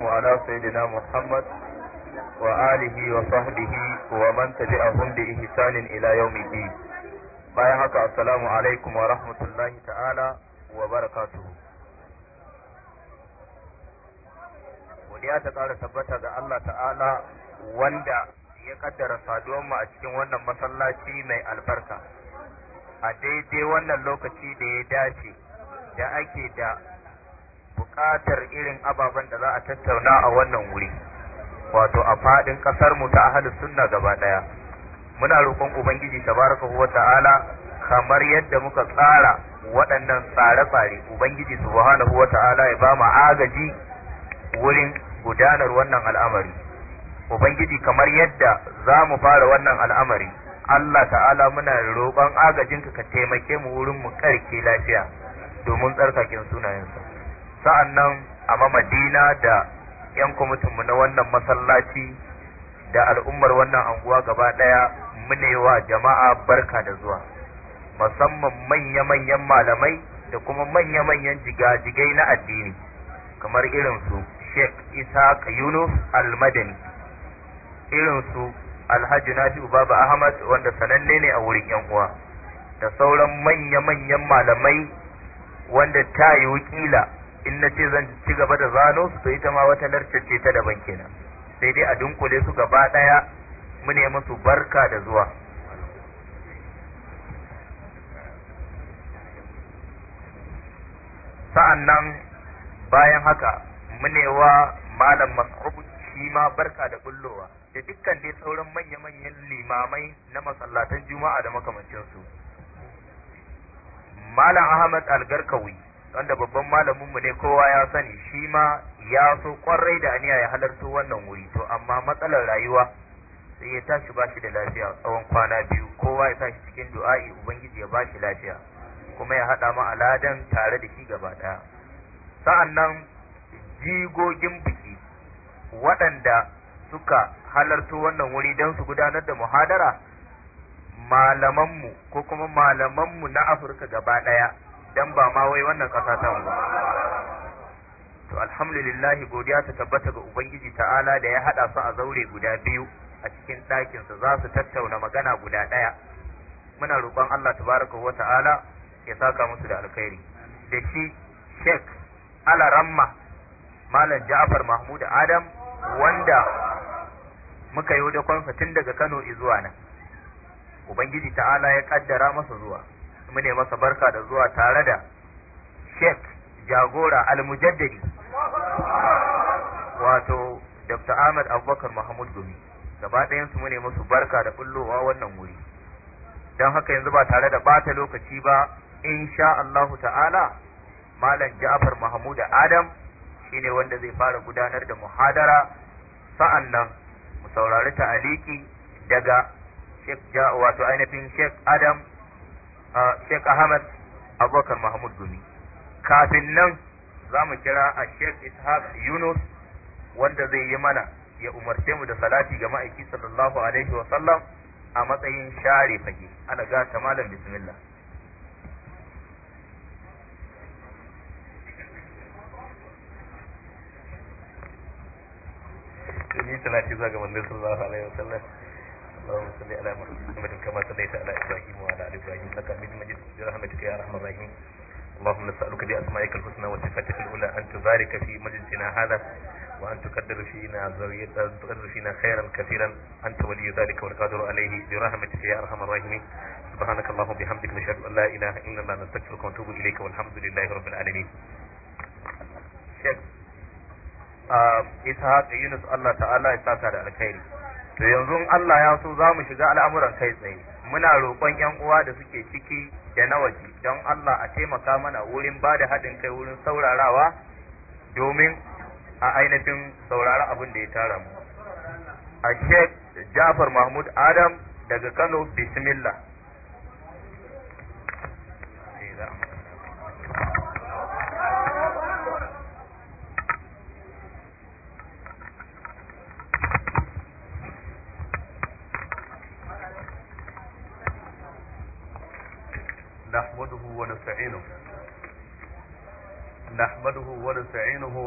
وعلى سيدنا محمد وآله وصحبه ومن تبعهم بإحسان إلى يوم الدين bayan haka assalamu alaikum wa rahmatullahi wa barakatuhu ta kara tabbata ga Allah ta'ala wanda ya kaddara saduwar mu a cikin wannan masallaci mai albarka a daidai wannan lokaci da ya dace da ake da Bukatar irin ababen da za a tattauna a wannan wuri wato a faɗin ƙasar mu ta ahalus sunna gaba ɗaya muna roƙon ubangiji tabaraka wa ta'ala kamar yadda muka tsara waɗannan tsare-tsare ubangiji subhanahu wa ta'ala ya ba mu agaji wurin gudanar wannan al'amari ubangiji kamar yadda za mu fara wannan al'amari Allah ta'ala muna roƙon agajinka ka taimake mu wurin mu ƙarke lafiya domin tsarkakin sunayensa sa'an nan a mamadina da yan kwamitinmu na wannan masallaci da al'ummar wannan anguwa gaba ɗaya munewa jama'a barka da zuwa musamman manya-manyan malamai da kuma manya-manyan jigajigai na addini kamar irinsu sheikh isa yunus al-madani irinsu alhaji nafi baba ahmad wanda sananne ne a wurin yan uwa da sauran manya-manyan malamai wanda ta yi wakila in na ce zan ci gaba da zano su to ita ma wata larcar ta daban kenan sai dai a dunkule su gaba daya mu ne musu barka da zuwa sa'an nan bayan haka munewa malam masu shi ma barka da bullowa da dukkan dai sauran manya-manyan limamai na masallatan juma'a da makamancinsu malam ahmad algarkawi wanda babban malamin mu ne kowa ya sani shi ma ya so kwarai da aniya ya halarta wannan wuri to amma matsalar rayuwa sai ya tashi bashi da lafiya tsawon kwana biyu kowa ya tashi cikin du'a'i ubangiji ya bashi lafiya kuma ya haɗa ma aladan tare da shi gaba ɗaya sa'an nan jigogin biki waɗanda suka halarto wannan wuri don su gudanar da muhadara malamanmu ko kuma malamanmu na afirka gaba ɗaya dan ba ma wai wannan kasa ta mu to alhamdulillah godiya ta tabbata ga ubangiji ta'ala da ya hada su a zaure guda biyu a cikin ɗakin su za su tattauna magana guda ɗaya muna roƙon Allah tabaraka wa ta'ala ya saka musu da alkhairi da shi Sheikh Alaramma Malam Ja'far Mahmud Adam wanda muka yi da tun daga Kano zuwa nan ubangiji ta'ala ya kaddara masa zuwa mune masa barka da zuwa tare da Sheikh Jagora Al-Mujaddadi wato Dr. Ahmad Abubakar Mahmud Gumi gaba ɗayan su mune masu barka da bullowa wannan wuri don haka yanzu ba tare da bata lokaci ba insha Allahu ta'ala Malam Ja'far Mahmud Adam shine wanda zai fara gudanar da muhadara sa'an nan mu saurari ta'aliki daga Sheikh wato ainihin Sheikh Adam Sheikh Ahmad Abubakar Mahmud Gumi kafin nan za mu kira a Sheikh Ishaq Yunus wanda zai yi mana ya umarce mu da salati ga ma'aiki sallallahu alaihi wa sallam a matsayin share fage ana ga ta malam bismillah ni salati za ga manzon sallallahu alaihi wa sallam اللهم صل على محمد كما صليت على ابراهيم وعلى ال ابراهيم انك حميد مجيد برحمتك يا ارحم الراحمين اللهم نسالك باسمائك الحسنى وصفاتك الاولى ان تبارك في مجلسنا هذا وأن تقدر فينا تقدر فينا خيرا كثيرا أنت ولي ذلك والقادر عليه برحمتك يا أرحم الراحمين سبحانك اللهم وبحمدك نشهد أن لا إله إلا الله نستغفرك ونتوب إليك والحمد لله رب العالمين شيخ آه، إسحاق يونس الله تعالى إسحاق على الخير to yanzu Allah ya so za mu shiga al'amuran kai tsaye muna roƙon yan uwa da suke ciki da na waje don Allah a taimaka mana wurin ba da haɗin kai wurin saurarawa domin a ainihin saurara abin da ya tara mu a Sheikh Jafar Mahmud Adam daga Kano bismillah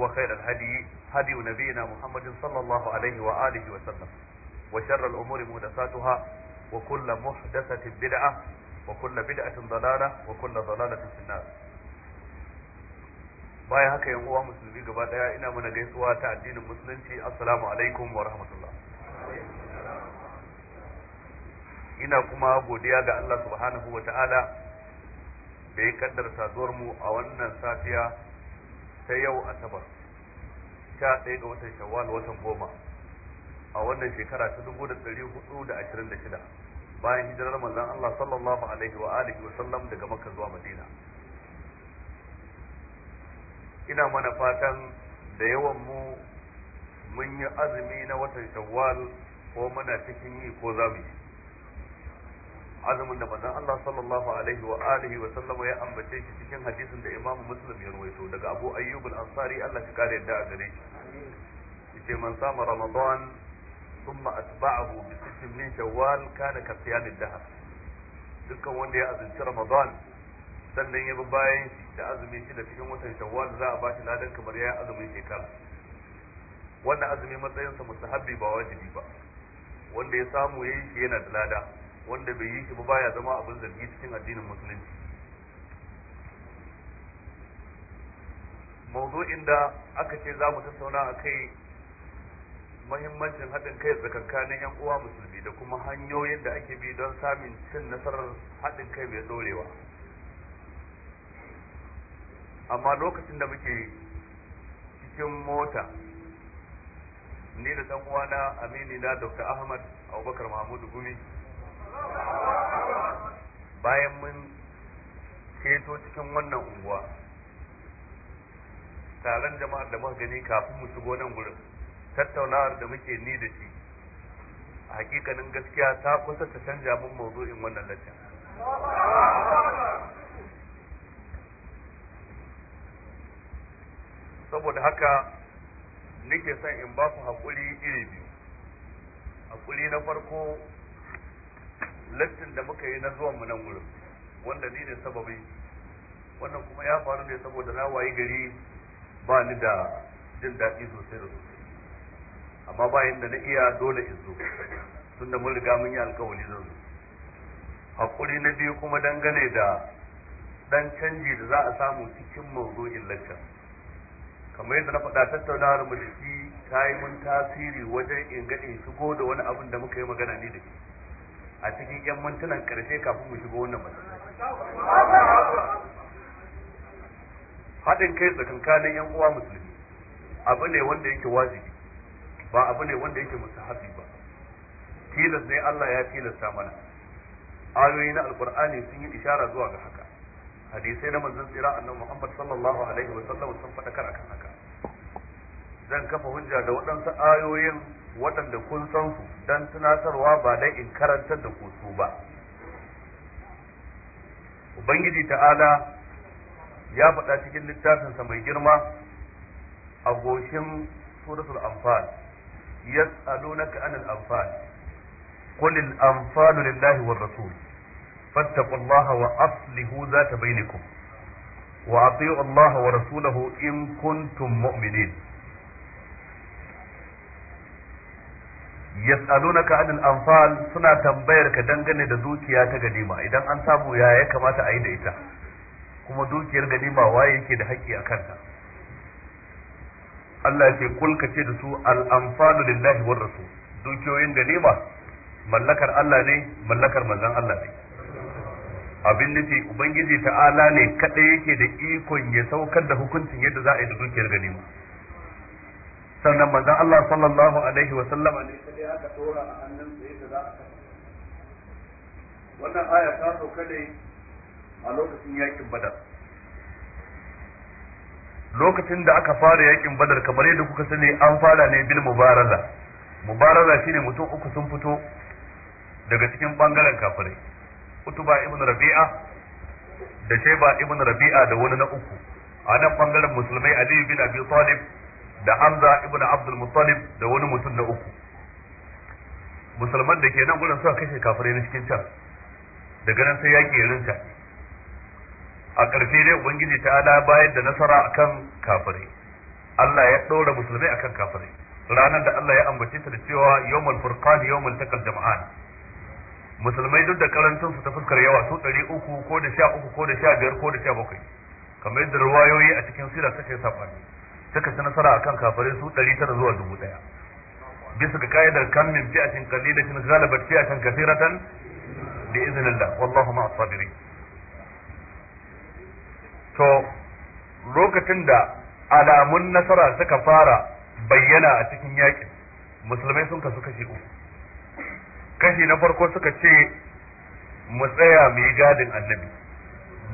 وخير الهدي هدي نبينا محمد صلى الله عليه وآله وسلم وشر الأمور محدثاتها وكل محدثة بدعة وكل بدعة ضلالة وكل ضلالة في النار baya haka yan uwa musulmi gaba daya ina mana gaisuwa ta addinin musulunci assalamu alaikum wa rahmatullah ina kuma godiya ga Allah subhanahu wa ta'ala da kaddara mu a wannan safiya ta yau asabar sha ɗaya ga watan shawwal watan goma a wannan shekara ta dubu da ɗari hudu da ashirin da shida bayan hijirar manzon Allah sallallahu alaihi wa alihi wa sallam daga Makka zuwa Madina ina mana fatan da yawan mu mun yi azumi na watan shawwal ko muna cikin yi ko zamu yi azumin da manzon Allah sallallahu alaihi wa alihi wa sallama ya ambace shi cikin hadisin da Imam Muslim ya rawaito daga Abu Ayyub al-Ansari Allah ya kare da gare shi yace man sama Ramadan thumma atba'ahu bi sittin min Shawwal kana ka siyam ad-dahr dukkan wanda ya azumci Ramadan sannan ya bi bayan da azumi shi da cikin watan Shawwal za a ba shi ladan kamar ya azumin shekara wannan azumi matsayinsa mustahabbi ba wajibi ba wanda ya samu yayin shi yana da lada wanda bai yi shi ba baya zama abin zargi cikin addinin musulunci mawdu'in inda aka ce za mu tattauna a kai mahimmancin haɗin kai tsakankanin 'yan uwa musulmi da kuma hanyoyin da ake bi don samun cin nasarar haɗin kai mai ɗorewa amma lokacin da muke cikin mota ni da ɗan uwana amini na dr ahmad abubakar mahmudu gumi bayan mun ceto cikin wannan unguwa taron jama'ar da muka gani kafin mu shigo nan gurin tattaunawar da muke ni da shi a hakikanin gaskiya ta kusa ta canja mun mawuzo'in wannan lacca saboda haka nake son in ba ku haƙuri iri biyu haƙuri na farko lattin da muka yi na zuwan mu nan wurin wanda ni ne sababi wannan kuma ya faru ne saboda na wayi gari ba ni da jin daɗi sosai da sosai amma bayan da na iya dole in zo tun da mun riga mun yi alkawari zan zo hakuri na biyu kuma dangane da dan canji da za a samu cikin in lacca kamar yadda na faɗa tattaunawar mu da shi ta yi mun tasiri wajen in ga in shigo da wani abin da muka yi magana ni da shi a cikin yan mantunan karshe kafin mu shiga wannan masallaci haɗin kai tsakankanin yan uwa musulmi abu ne wanda yake wajibi ba abu ne wanda yake musahabi ba tilas ne Allah ya tilasta mana ayoyi na alqur'ani sun yi ishara zuwa ga haka hadisai na manzon tsira annabi Muhammad sallallahu alaihi wa sallam sun faɗa kan haka zan kafa hujja da waɗansu ayoyin waɗanda kun san su don tunatarwa ba dai in karantar da ku su ba ubangiji ta'ala ya faɗa cikin littafinsa mai girma a goshin suratul anfal yas'alunaka anil anfal qul al lillahi war rasul fattaqullaha wa aslihu zata bainakum wa ati'u allaha wa rasulahu in kuntum mu'minin yas'alunaka anil anfal suna tambayar ka dangane da dukiya ta ganima idan an samu ya ya kamata a yi da ita kuma dukiyar ganima waye yake da haƙƙi a kanta Allah ya ce kul ka ce da su al anfalu lillahi war rasul dukiyoyin ganima mallakar Allah ne mallakar manzon Allah ne abin nufi ubangiji ta'ala ne kadai yake da ikon ya saukar da hukuncin yadda za a yi da dukiyar ganima sannan manzon Allah sallallahu alaihi wa sallam ne sai aka tora a hannun sai yadda za a wannan aya ta so kade a lokacin yakin badar lokacin da aka fara yakin badar kamar yadda kuka sani an fara ne bil mubaraza mubaraza shine mutum uku sun fito daga cikin bangaren kafirai utuba ibn rabi'a da sheba ibn rabi'a da wani na uku a nan bangaren musulmai ali bin abi talib da Hamza ibn Abdul Muttalib da wani mutum na uku musulman da ke nan gurin suka kashe kafirai na cikin can daga nan sai yaƙi rinta a ƙarfi dai ubangiji ta ala bayar da nasara akan kafirai Allah ya ɗora musulmai akan kafirai ranar da Allah ya ambace ta da cewa yawmul furqan yawmul taqal jama'an musulmai duk da karantun su ta fuskar yawa su 300 uku ko da sha uku ko da sha biyar ko da sha bakwai kamar yadda ruwayoyi a cikin sira suka yi suka ci nasara akan kafirin su 900 zuwa 1000 bisa ga kaidar kan min fi'atin qalilatin ghalabat fi'atan kathiratan bi idhnillah wallahu ma'as sabirin to lokacin da alamun nasara suka fara bayyana a cikin yakin musulmai sun kasu kashi uku kashi na farko suka ce mu tsaya mu yi gadin annabi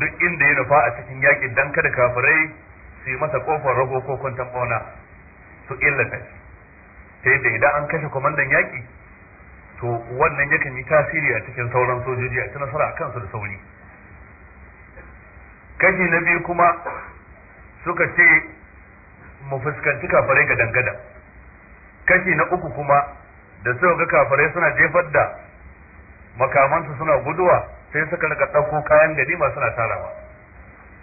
duk inda ya nufa a cikin yaƙi dan kada kafirai su yi masa kofar rago ko kwantan bauna su illata ta yadda idan an kashe kwamandan yaƙi to wannan yakan yi tasiri a cikin sauran sojoji a ci nasara a kansu da sauri kashi na biyu kuma suka ce mu fuskanci kafarai ga dangada kashi na uku kuma da suka ga kafarai suna jefar da makamansu suna guduwa sai suka rika ɗauko kayan gani suna tarawa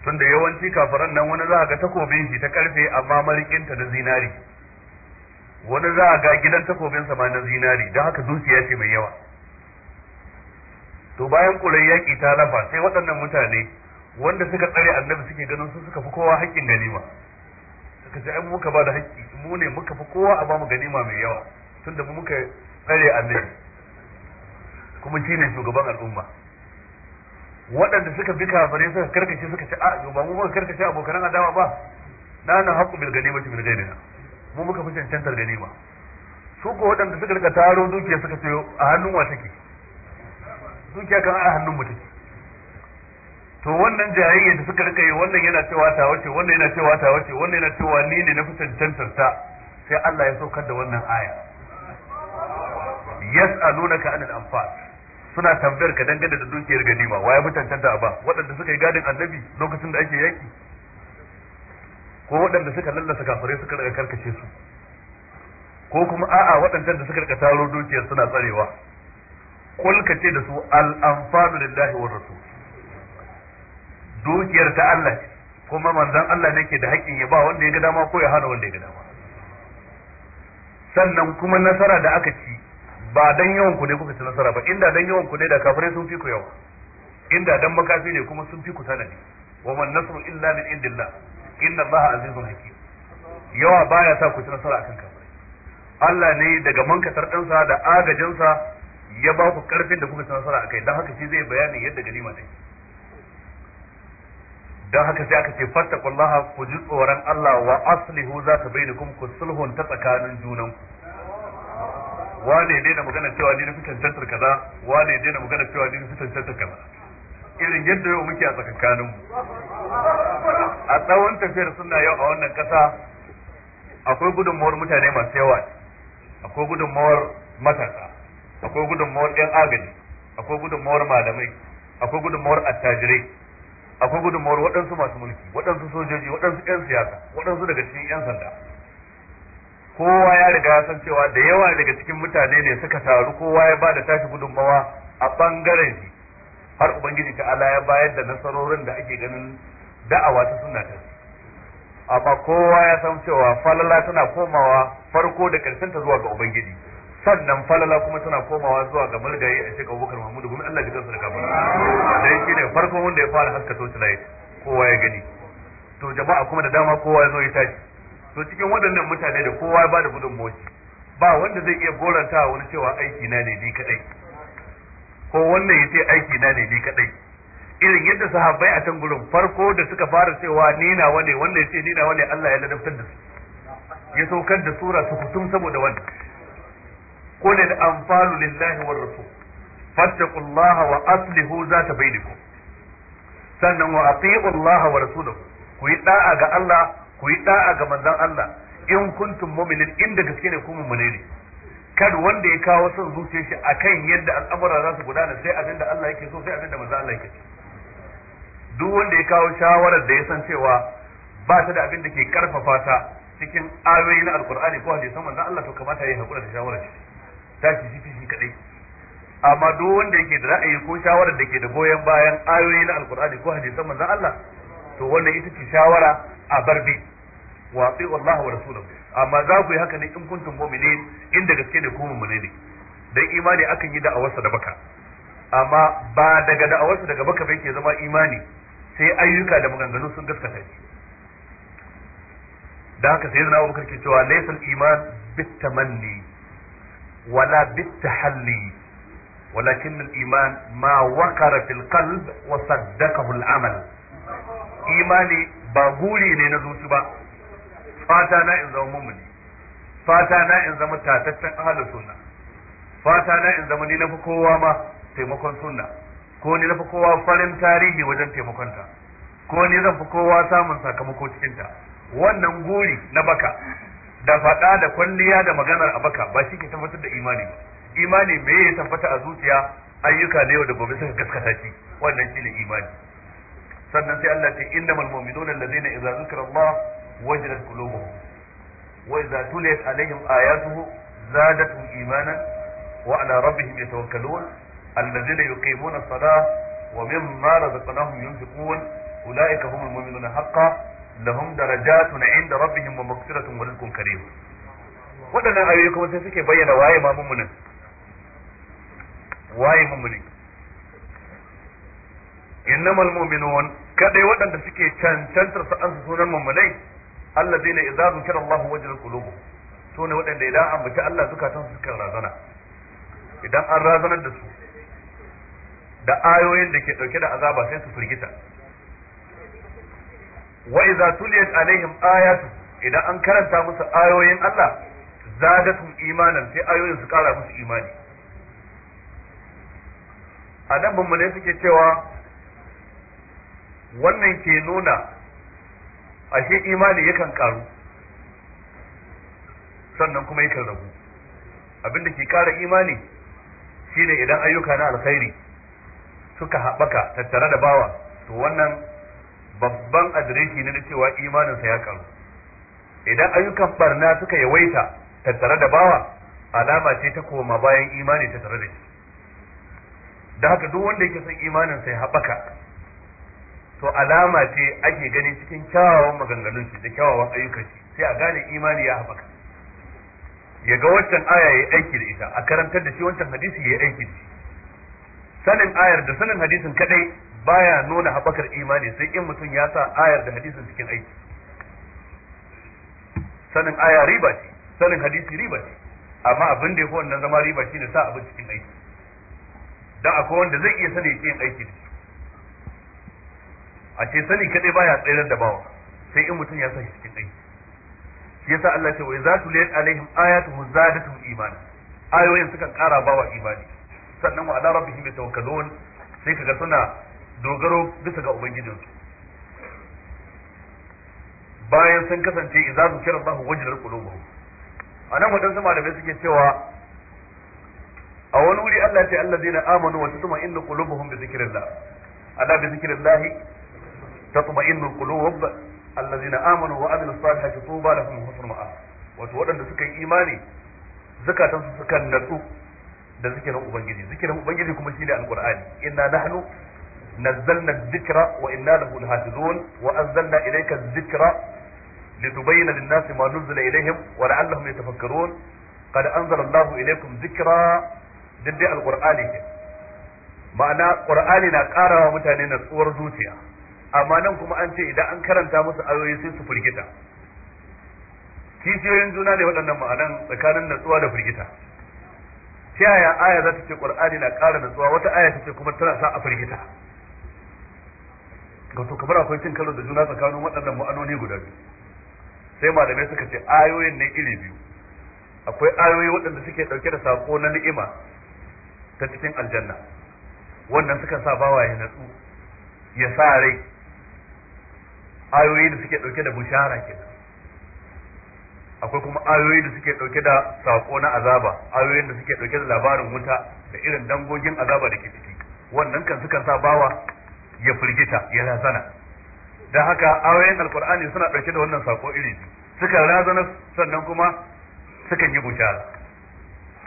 tunda yawanci kafiran nan wani za ga takobin shi ta karfe amma ta na zinari wani za ga gidan takobin sa ma na zinari don haka zuciya ce mai yawa to bayan kurai yaki ta lafa sai waɗannan mutane wanda suka tsare annabi suke ganin su suka fi kowa haƙƙin ganima suka ce ai muka ba da haƙƙi mu ne muka fi kowa a ba mu ganima mai yawa tunda mu muka tsare annabi kuma shine shugaban al'umma waɗanda suka bi kafare suka karkace suka ce a ba mu karkace abokan adawa ba na nan haƙu bil ganimati bil ganima mu muka fi cancantar ganima su ko waɗanda suka rika taro dukiya suka ce a hannun wa take dukiya kan a hannun mu take to wannan jayayya da suka rika yi wannan yana cewa ta wace wannan yana cewa ta wace wannan yana cewa ni ne na fi cancantar ta sai Allah ya saukar da wannan aya yas'alunaka anil anfal suna tambayar ka dangane da dukiyar ganima waye mutantan da ba waɗanda suka yi gadin annabi lokacin da ake yaki ko waɗanda suka lallasa kafirai suka daga karkace su ko kuma a'a waɗancan da suka rika taro dukiyar suna tsarewa kul ka ce da su al anfalu lillahi wa rasul dukiyar ta Allah kuma manzon Allah ne ke da haƙƙin ya ba wanda ya ga dama ko ya hana wanda ya ga dama sannan kuma nasara da aka ci ba dan yawan ku ne kuka ci nasara ba inda dan yawan ku ne da kafirai sun fi ku yawa inda dan makafi ne kuma sun fi ku sanadi wa man nasru illa min indillah inna allaha azizun hakim yawa baya sa ku ci nasara akan kafirai Allah ne daga mankatar ɗansa da agajinsa ya ba ku karfin da kuka ci nasara akai dan haka shi zai bayani yadda ganima take don haka sai aka ce fattakullaha ku ji tsoron Allah wa aslihu za ta bai kuma ku sulhun ta tsakanin junan wane dai na magana cewa ni na fitan tantar kaza wane dai na magana cewa ni na fitan tantar kaza irin yadda yau muke a tsakankanin mu a tsawon tafiyar suna yau a wannan kasa akwai gudunmawar mutane masu yawa akwai gudunmawar matasa akwai gudunmawar yan agaji akwai gudunmawar malamai akwai gudunmawar attajirai akwai gudunmawar waɗansu masu mulki waɗansu sojoji waɗansu 'yan siyasa waɗansu daga cikin 'yan sanda kowa ya riga san cewa da yawa daga cikin mutane ne suka taru kowa ya bada tashi gudunmawa a bangaren shi har ubangiji ta ala ya bayar da nasarorin da ake ganin da'awa ta suna ta amma kowa ya san cewa falala tana komawa farko da karshen ta zuwa ga ubangiji sannan falala kuma tana komawa zuwa ga mulgayi a cikin abubakar mahmudu gumi allah ji kansa da kamar dan shi ne farkon wanda ya fara haska layi kowa ya gani to jama'a kuma da dama kowa ya zo ya tashi to cikin waɗannan mutane da kowa da gudun gudunmawar ba wanda zai iya goranta wani cewa aiki na ne ni kadai ko wannan ya ce aiki na ne ni kadai irin yadda sahabbai a can gurin farko da suka fara cewa ni na wane wanda ya ce ni na wane Allah ya ladabtar da su ya saukar da sura su kutum saboda wannan qul al anfalu lillahi war rasul fattaqullaha wa aslihu zata bainakum sannan wa atiiu Allah wa rasulahu ku yi ɗa'a ga Allah ku yi da'a ga manzon Allah in kuntum mu'minin in da gaske ne ku mu'mine ne kada wanda ya kawo son zuciyar shi akan yadda al'amura za su gudana sai abin da Allah yake so sai abin da manzon Allah yake duk wanda ya kawo shawarar da ya san cewa ba ta da abin da ke karfafa ta cikin ayoyi na alkur'ani ko hadisan manzon Allah to kamata ya hakura da shawarar shi tashi shi shi kadai amma duk wanda yake da ra'ayi ko shawarar da ke da goyon bayan ayoyi na alkur'ani ko hadisan manzon Allah to wannan ita ce shawara a barbi wa ati'u Allah wa rasulahu amma za ku yi haka ne in kuntum mu'minin in da gaske ne ku mu'mine ne dan imani akan yi da'awarsa da baka amma ba daga da'awarsa daga baka bai ke zama imani sai ayyuka da maganganu sun gaskata shi da haka sai zana abubakar ke cewa laysal iman bitamanni wala bitahalli ولكن الإيمان ما وقر في القلب وصدقه العمل imani ba buri ne na zutu ba fata na in zama mumuni fata na in zama tataccen ahalin sunna fata na in zama ni na fi kowa ma taimakon sunna ko ni na fi kowa farin tarihi wajen taimakonta ko ni zan fi kowa samun sakamako cikinta wannan guri na baka da faɗa da kwalliya da maganar a baka ba shi ke tabbatar da imani ba imani me ya tabbata a zuciya ayyuka na yau da gobe suka gaskata shi wannan shine imani sannan sai Allah ce innamal mu'minuna allazina idza zukira Allah وجلت قلوبهم وإذا تليت عليهم آياته زادتهم إيمانا وعلى ربهم يتوكلون الذين يقيمون الصلاة ومما رزقناهم ينفقون أولئك هم المؤمنون حقا لهم درجات عند ربهم ومغفرة ورزق كريم ودنا أيكم kuma بين واي ما waye واي mummunin إنما المؤمنون innamal ودنا kadai waɗanda suke cancantar su allazina idza zukira Allah wajilat qulubuhum so ne waɗanda idan an bata Allah zukatan su kan razana idan an razana da su da ayoyin da ke dauke da azaba sai su firgita wa idza tuliyat alaihim ayatu idan an karanta musu ayoyin Allah zadatum imanan sai ayoyin su kara musu imani a nan ne suke cewa wannan ke nuna ashe imani yakan karu sannan kuma yakan rabu abinda ke kara imani shine idan ayyuka na alkhairi suka haɓaka tattare da bawa to wannan babban adireshi ne na cewa imaninsa ya karu idan ayyukan barna suka yawaita tattare da bawa alama ce ta koma bayan imani tattare da shi da haka duk wanda yake son imaninsa ya haɓaka to alama ce ake gani cikin kyawawan maganganun shi da kyawawan ayyukan shi sai a gane imani ya haɓaka ya ga wancan aya ya aiki da ita a karantar da shi wancan hadisi ya aiki da shi sanin ayar da sanin hadisin kadai baya nuna haɓakar imani sai in mutum ya sa ayar da hadisin cikin aiki sanin aya riba ce sanin hadisi riba ce amma abin da ya fi wannan zama riba shi ne sa abin cikin aiki don akwai wanda zai iya sanin ya yin aiki da shi a ce sani kadai baya tsayar da bawa sai in mutum ya san shi cikin aiki shi yasa Allah ce wa idza tuliyat alaihim ayatuhu zadatuhum imana ayoyin suka kara bawa imani sannan wa ala rabbihim yatawakkalun sai kaga suna dogaro bisa ga su. bayan sun kasance idza zukira Allah wajilar qulubuhum anan wadansu malamai suke cewa a wani wuri Allah ce allazina amanu wa tatma'innu qulubuhum bi dhikrillah ada bi dhikrillah tatma'innu qulub allazina amanu wa amilus salihati tuba lahum husnul ma'a wato waɗanda suka yi imani zakatansu suka natsu da zikirin ubangiji zikirin ubangiji kuma shine alqur'ani inna nahnu nazzalna dhikra wa inna lahu lahafizun wa anzalna ilayka dhikra litubayyana lin-nasi ma nuzila ilayhim wa la'allahum yatafakkarun qad anzala Allahu ilaykum dhikra diddai alqur'ani ma'ana qur'ani na karawa mutane natsuwar zuciya amma nan kuma an ce idan an karanta musu ayoyi sai su firgita kishiyoyin juna ne waɗannan ma'anan tsakanin natsuwa da firgita ta yaya aya za ta ce ƙwar'ani na ƙara natsuwa wata aya ta ce kuma tana sa a firgita ga to kamar akwai cin karo da juna tsakanin waɗannan ma'anoni guda biyu sai malamai suka ce ayoyin ne iri biyu akwai ayoyi waɗanda suke ɗauke da sako na ni'ima ta cikin aljanna wannan suka sa bawa ya natsu ya sa rai ayoyi da suke dauke da bushara ke akwai kuma ayoyi da suke dauke da sako na azaba ayoyin da suke dauke da labarin wuta da irin dangogin azaba da ke ciki wannan kan suka sa bawa ya firgita ya razana don haka ayoyin alkur'ani suna dauke da wannan sako iri suka razana sannan kuma sukan yi bushara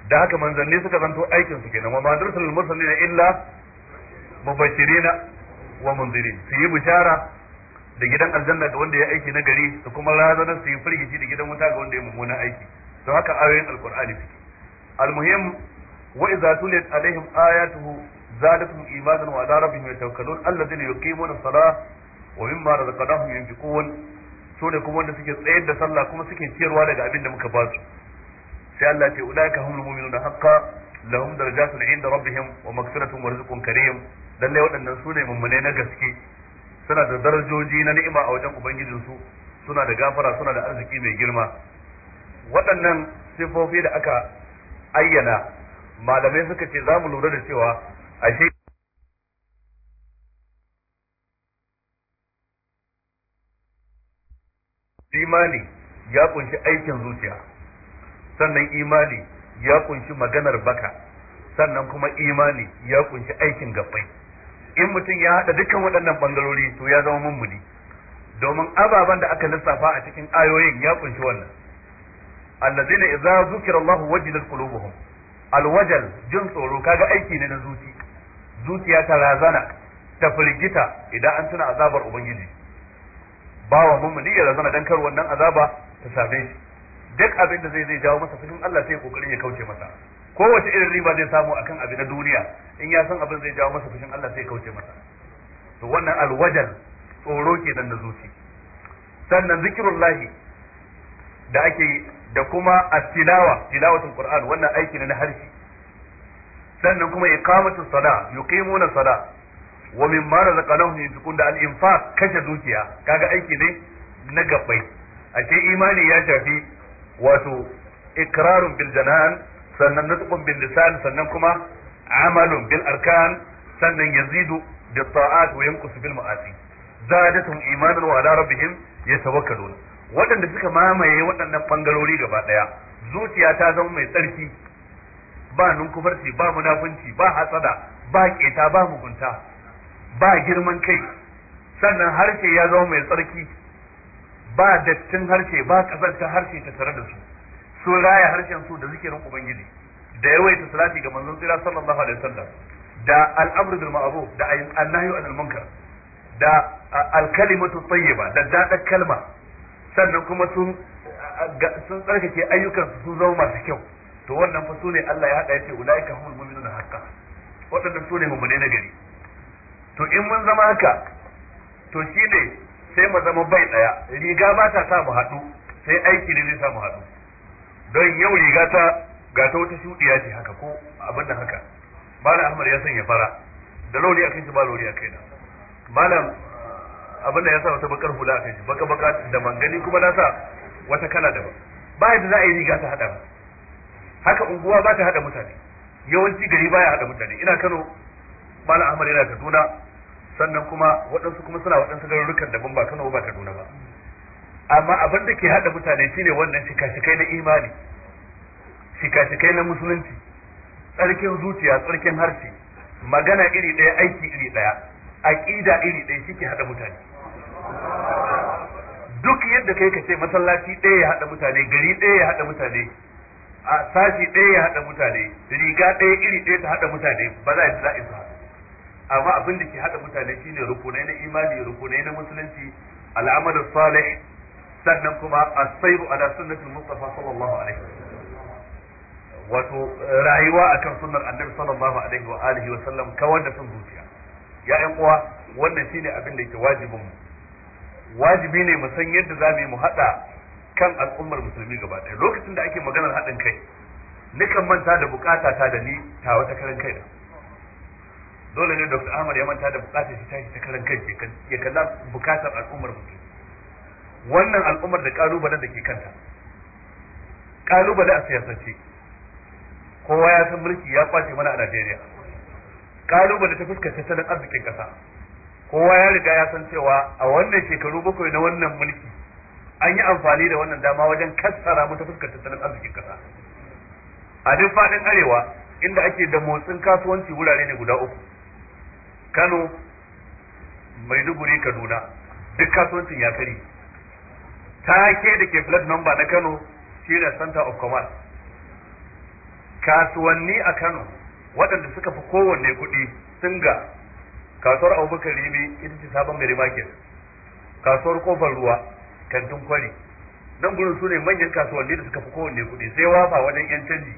da haka manzanni suka zanto aikin su kenan wa ma darsul mursalina illa mubashirina wa munzirin su yi bushara da gidan aljanna ga wanda ya aiki na gari da kuma razanar su yi firgici da gidan wuta ga wanda ya mummunan aiki to haka ayoyin alqur'ani suke almuhim wa idza tuliyat alaihim ayatuhu zadatuhum imanan wa ala rabbihim yatawakkalun alladhina yuqimuna as-salata wa mimma razaqnahum yunfiqun su ne kuma wanda suke tsayar da sallah kuma suke ciyarwa daga abin da muka ba su sai Allah ce ulaika humul mu'minuna haqqan lahum darajatun 'inda rabbihim wa maghfiratun wa rizqun karim lalle waɗannan su ne mummune na gaske suna da darajoji na ni'ima a wajen ubangijinsu suna da gafara suna da arziki mai girma waɗannan sifofi da aka ayyana malamai suka ce za mu lura da cewa shi imani ya kunshi aikin zuciya sannan imani ya kunshi maganar baka sannan kuma imani ya kunshi aikin gabbai in mutum ya haɗa dukkan waɗannan bangarori to ya zama mummuni domin ababen da aka lissafa a cikin ayoyin ya kunshi wannan allazina idza zukira Allah wajilat qulubuhum alwajal jin tsoro kaga aiki ne na zuci zuciya ta razana ta firgita idan an tuna azabar ubangiji bawa mummuni ya razana dan kar wannan azaba ta same shi duk abin da zai zai jawo masa cikin Allah sai kokari ya kauce masa kowace irin riba zai samu akan abin na duniya in ya san abin zai jawo masa fushin Allah sai kauce masa to wannan alwajal tsoro ke dan da zuci sannan zikirullahi da ake da kuma at-tilawa tilawatul qur'an wannan aiki ne na harshe sannan kuma iqamatu sala yuqimuna sala wa mimma razaqnahum yunfiqun da al-infaq kashe dukiya kaga aiki ne na gabbai ce imani ya shafi wato ikrarun bil janan sannan nutqun bil lisan sannan kuma amalun bil arkan sannan yazidu da ta'at wa yanqusu bil ma'asi zadatuhum imanan wa ala rabbihim yatawakkalun waɗanda suka mamaye waɗannan bangarori gaba daya zuciya ta zama mai tsarki ba nunkufarci ba munafunci ba hasada ba keta ba mugunta ba girman kai sannan harshe ya zama mai tsarki ba dattin harshe ba ƙazantar harshe ta tare da su sun raya harshen su da zikirin ubangiji da yawaita salati ga manzon tsira sallallahu alaihi wasallam da al'amru bil ma'ruf da annahyu anil munkar da al-kalimatu tayyiba da dadar kalma sannan kuma sun sun tsarkake ayyukan su sun zama masu kyau to wannan fa sune Allah ya hada yace ulaika humul mu'minuna haqqan waɗannan sune mu na gari to in mun zama haka to shine sai mu zama bai daya riga ba ta samu mu haɗu sai aiki ne zai samu mu haɗu don yau riga ta ga ta wata ya ce haka ko abin da haka malam ahmad ya sanya fara da launi a kanci ba launi a kai na malam abin da ya sa wata bakar hula a kanci baka baka da mangani kuma na sa wata kala daban ba yadda za a yi riga ta haɗa haka unguwa ba ta haɗa mutane yawanci gari baya haɗa mutane ina kano malam ahmad yana kaduna sannan kuma waɗansu kuma suna waɗansu garurukan daban ba kano ba kaduna ba amma abin da ke hada mutane shine wannan shika-shikai na imani shika-shikai na musulunci tsarkin zuciya tsarkin harshe magana iri ɗaya aiki iri ɗaya aƙida iri ɗaya shike hada mutane duk yadda kai ka ce masallaci ɗaya ya hada mutane gari ɗaya ya hada mutane a sashi ɗaya ya hada mutane riga ɗaya iri ɗaya ta hada mutane ba za a ji za'in ba amma abin da ke hada mutane shine rukunai na imani rukunai na musulunci al'amal salih sannan kuma as-sayru ala sunnatul mustafa sallallahu alaihi wato eh, rayuwa akan sunnar annabi sallallahu alaihi wa alihi wa sallam ka wanda sun zuciya ya ƴan uwa wannan shine abin da yake wajibin mu wajibi ne mu san yadda zamu mu hada haɗa kan al'ummar musulmi gaba ɗaya lokacin da ake maganar haɗin kai nikan manta da bukata ta da ni ta wata karan kai dole ne dr ahmad ya manta da bukatar shi ta shi ta karan kai ya kalla bukatar al'ummar musulmi wannan al'ummar da kalubalen da ke kanta kalubale a siyasance kowa ya san mulki ya kwace mana a Najeriya kalubale ta fuskar tattalin arzikin kasa kowa ya riga ya san cewa a wannan shekaru bakwai na wannan mulki an yi amfani da wannan dama wajen kassara mu ta fuskar tattalin arzikin kasa a duk faɗin arewa inda ake da motsin kasuwanci wurare ne guda uku Kano Maiduguri Kaduna duk kasuwancin ya kare Ta ke da ke flat number na Kano shine center of command kasuwanni a Kano waɗanda suka fi kowanne kuɗi sun ga kasuwar Abubakar Ribi ita ce sabon gari market kasuwar kofar ruwa kantin kwari nan gurin su ne manyan kasuwanni da suka fi kowanne kuɗi sai wafa wajen yan canji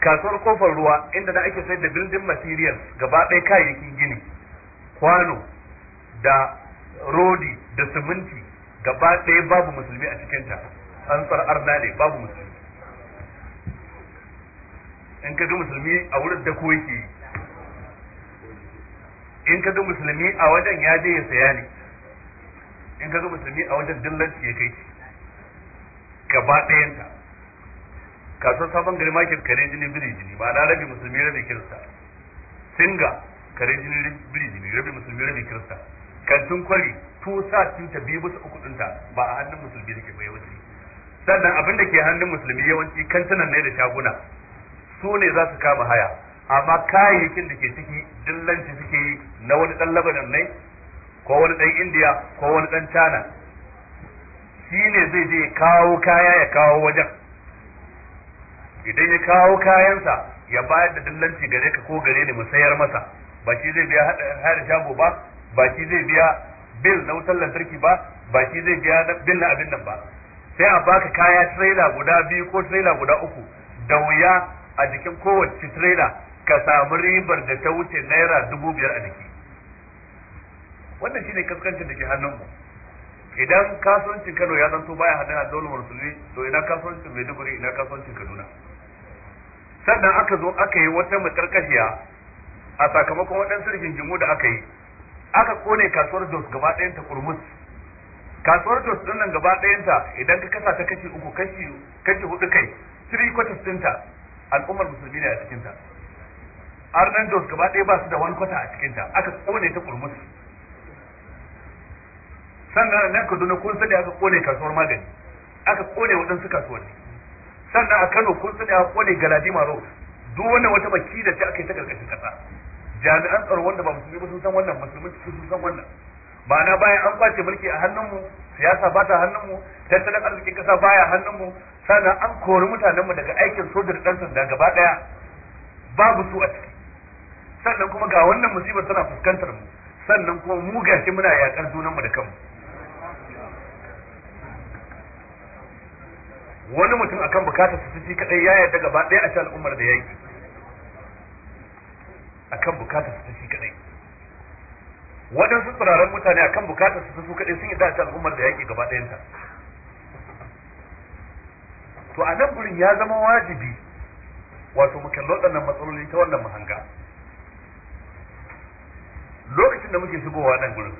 kasuwar kofar ruwa inda da ake sayar da building materials gaba ɗaya kayayyakin gini kwano da rodi da siminti gaba ɗaya babu musulmi a cikinta an tsar arna ne babu musulmi in ka ga musulmi a wurin da ko yake in ka ga musulmi a wajen ya je ya saya ne in ka ga musulmi a wajen dillanci ya kai gaba ɗayanta kasuwar sabon gari makin kare jini biri jini ba na rabi musulmi rabi kirista singa kare jini biri jini rabi musulmi rabi kirista kantun kwari two sa ta biyu uku ɗinta ba a hannun musulmi da ke ba yawanci sannan abin da ke hannun musulmi yawanci kantunan ne da shaguna su ne za su kama haya amma kayayyakin da ke ciki dillanci suke yi na wani ɗan labanan ne ko wani ɗan indiya ko wani ɗan cana shi ne zai je kawo kaya ya kawo wajen idan ya kawo kayansa ya bayar da dillanci gare ka ko gare ni mu sayar masa ba shi zai biya hada shago ba ba shi zai biya bil na wutar lantarki ba ba shi zai biya bil na abin nan ba sai a baka kaya trailer guda biyu ko trailer guda uku da wuya a jikin kowace trailer ka samu ribar da ta wuce naira dubu biyar a jiki wannan shine kaskancin da ke hannunmu idan kasuwancin kano ya zanto baya hadana dole musulmi to ina kasuwancin maiduguri ina kasuwancin kaduna sannan aka zo aka yi wata makarkashiya a sakamakon waɗansu jimu da aka yi aka kone kasuwar Jos gaba ɗayan ta kurmus kasuwar Jos ɗin nan gaba ɗayan ta idan ka kasa ta kashi uku kashi kashi hudu kai three quarters ɗin ta al'ummar musulmi ne a cikin ta arnan Jos gaba ɗaya ba su da wani kwata a cikin ta aka kone ta kurmus sannan nan Kaduna kun sani aka kone kasuwar magani aka kone waɗansu kasuwanni sannan a Kano kun sani aka kone Galadima Road duk wannan wata baki da ta aka yi ta karkashin ƙasa. jami'an tsaro wanda ba musulmi ba sun san wannan musulmi sun san wannan ma'ana bayan an kwace mulki a hannunmu siyasa ba ta hannunmu tattalin arzikin kasa baya hannunmu sannan an kori mutanenmu daga aikin sojar ɗan sanda gaba ɗaya babu su a ciki sannan kuma ga wannan musibar tana fuskantar mu sannan kuma mu gashi muna yaƙar junanmu da kanmu wani mutum akan bukatar su kaɗai kadai ya yarda gaba ɗaya a cikin al'ummar da yake akan bukatar su ta shi kadai waɗansu tsiraran mutane akan bukatar su ta su kadai sun yi dace al'ummar da yaƙi gaba ɗayanta to a nan gurin ya zama wajibi wato mu kallon waɗannan matsaloli ta wannan mahanga lokacin da muke shigowa nan gurin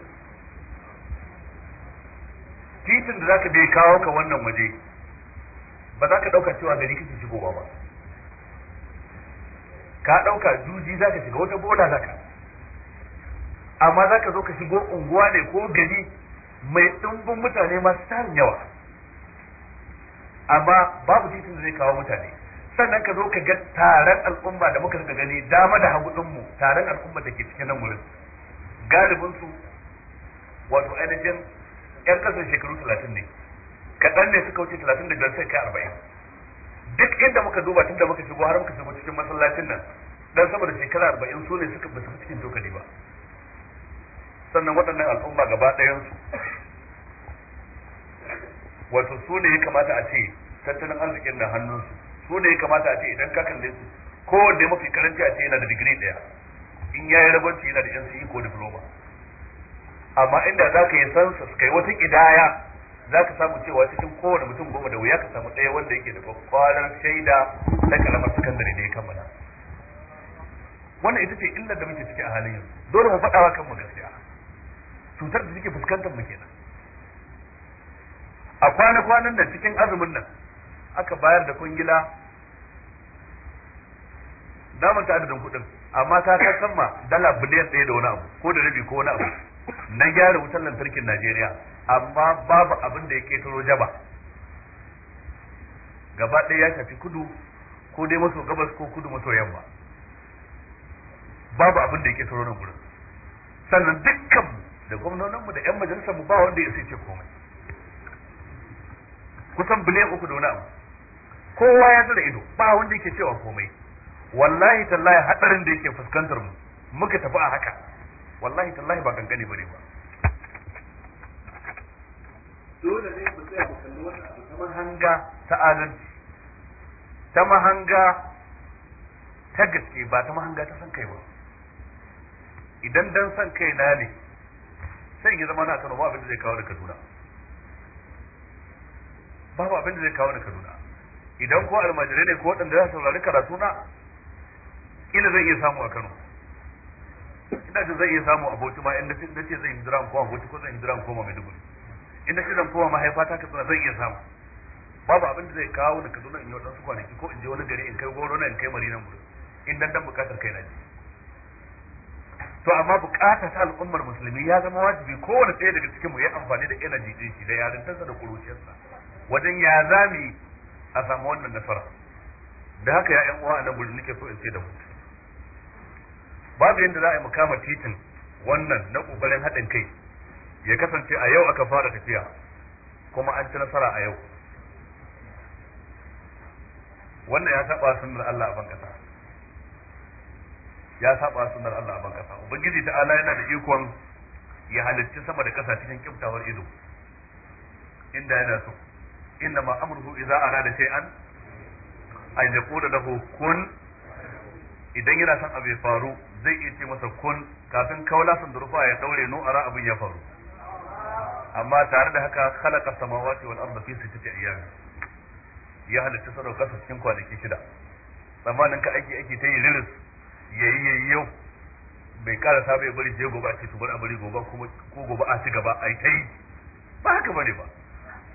titin da zaka bai kawo ka wannan waje ba za ka ɗauka cewa gari kake shigowa ba ka ɗauka juji za ka shiga wata bola za ka amma za ka zo ka shigo unguwa ne ko gari mai ɗumbin mutane masu tarin yawa amma babu titin da zai kawo mutane sannan ka zo ka ga taron al'umma da muka daga gani dama da hagu mu taron al'umma da ke cikin nan wurin galibinsu wato ainihin 'yan ƙasar shekaru talatin ne kaɗan ne suka wuce talatin da biyar sai kai arba'in duk inda muka duba tun da muka shigo har muka shigo cikin masallacin nan dan saboda shekara arba'in su ne suka basu cikin tokali ba sannan waɗannan al'umma gaba su wato su ne ya kamata a ce tattalin arzikin da hannunsu su ne ya kamata a ce idan ka kalle su kowanne mafi karanci a ce yana da digiri ɗaya in ya yi rabanci yana da yan e ko diploma amma inda za ka yi sansa su kai wata ƙidaya za ka samu cewa cikin kowane mutum goma da wuya ka samu ɗaya wanda yake da kwakwalar shaida na kalamar sakandare da ya kammala wannan ita ce illar da muke ciki a halin yanzu dole mu faɗawa kanmu gaskiya cutar da take fuskantar mu kenan a kwana-kwanan da cikin azumin nan aka bayar da kungila damar ta adadin kuɗin amma ta kasamma dala biliyan ɗaya da wani abu ko da rabi ko wani abu na gyara wutar lantarkin Najeriya amma babu abin da ya ketaro jaba gaba ɗaya ya shafi kudu ko dai maso gabas ko kudu maso yamma babu abin da ya ketaro na gurin sannan dukkan da gwamnoninmu da 'yan majalisar mu ba wanda ya sai ce komai kusan biliyan uku da wani abu kowa ya zara ido ba wanda yake cewa komai wallahi tallahi hadarin da yake fuskantar mu muka tafi a haka wallahi tallahi ba gangane bane ba dole ne mu tsaya mu kalli wannan abu ta mahanga ta adalci ta mahanga ta gaske ba ta mahanga ta san kai ba idan dan san kai na ne sai ya zama na Kano ba abin da zai kawo da Kaduna babu abin da zai kawo da Kaduna idan ko almajirai ne ko waɗanda za su saurari karatu na ina zai iya samu a Kano ina da zai iya samu aboki ma inda nace nace zai hijira ko aboki ko zai hijira ko mai dubu inda nace zan koma mahaifata ta ka zai iya samu babu abin da zai kawo da kaduna in yi wadansu kwanaki ko in je wani gari in kai goro na in kai marinan gudu in dan dan bukatar kai na ji to amma bukatar ta al'ummar musulmi ya zama wajibi kowane ɗaya daga cikin mu ya amfani da energy din shi da yarintarsa da kuruciyarsa wajen ya zami a samu wannan nasara da haka ya yan uwa a nan gudu nake so in ce da mu babu yadda za a yi mukama titin wannan na ƙoƙarin haɗin kai ya kasance a yau aka fara tafiya kuma an ci nasara a yau wannan ya saba sunnar Allah a bankasa ya saba sunnar Allah a bankasa ubangiji ta ala yana da ikon ya halicci sama da ƙasa cikin kiftawar ido inda yana so inna ma amruhu idza arada shay'an ay yaqulu lahu kun idan yana son abu ya faru zai iya ce masa kun kafin kaula sun durfa ya daure no ara abin ya faru amma tare da haka khalaqa samawati wal ardi fi sittati ayyam ya halitta sadauka cikin kwanaki shida tsammanin ka aiki aiki ta yi riris, yayi yayi yau bai kara sabai bari je gobe a ce a bari gobe kuma ko gobe a ci gaba ai tai ba haka bane ba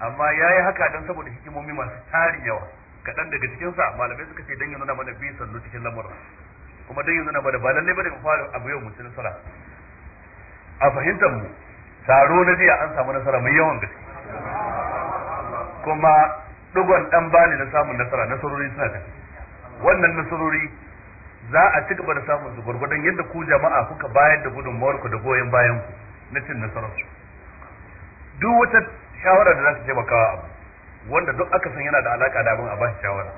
amma yayi haka dan saboda hikimomi masu tarin yawa kaɗan daga cikinsa malamai suka ce dan ya nuna mana bi cikin lamarin kuma dai yanzu na bada ba lalle bane mu fara abu yau mu ci nasara a fahimtar mu taro na jiya an samu nasara mai yawan gaske kuma dugon dan bani na samun nasara nasarori suna ta wannan nasarori za a ci gaba da samun su gwargwadon yadda ku jama'a kuka bayar da gudunmawar ku da goyon bayan ku na cin nasarar su duk wata shawara da za ta taimaka abu wanda duk aka san yana da alaka da abin a ba shi shawara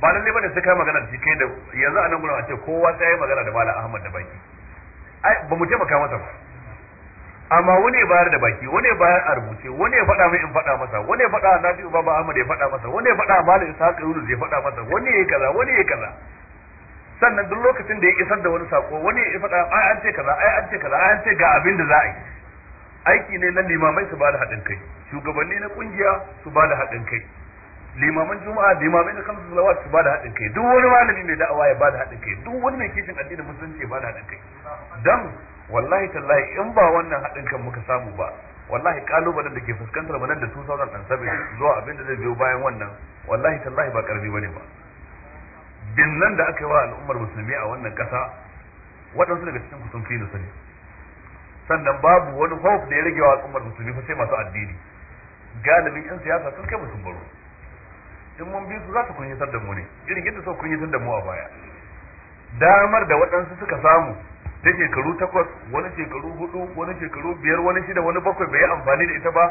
ba lalle bane sai kai magana da shi kai da yanzu a nan gurin a ce kowa sai magana da malam Ahmad da baki ai ba mu taimaka masa ba amma wani ya bayar da baki wani ya bayar a rubuce wani ya faɗa mai in faɗa masa wani ya faɗa Nafi Baba Ahmad ya faɗa masa wani ya faɗa Malam Isa Kayuru ya faɗa masa wani ya kaza wani ya kaza sannan duk lokacin da ya isar da wani sako wani ya faɗa ai an ce kaza ai an ce kaza ai an ce ga abin da za a yi aiki ne na limamai su ba da haɗin kai shugabanni na kungiya su ba da haɗin kai limaman juma'a limamin da kansu salawat su bada haɗin kai duk wani malami mai da'awa ya bada haɗin kai duk wani mai kishin addinin musulunci ya bada haɗin kai dan wallahi tallahi in ba wannan haɗin kan muka samu ba wallahi kalubalen da ke fuskantar mu nan da 2007 zuwa abin da zai biyo bayan wannan wallahi tallahi ba karbi bane ba Din nan da aka yi wa al'ummar musulmi a wannan ƙasa waɗansu daga cikin kusan fi sani sannan babu wani hope da ya rage wa al'ummar musulmi fa sai masu addini galibin 'yan siyasa sun kai musulmi in mun bi su za su kunyatar da mu ne irin yadda suka kunyatar da mu a baya damar da waɗansu suka samu ta shekaru takwas wani shekaru hudu wani shekaru biyar wani shida wani bakwai bai yi amfani da ita ba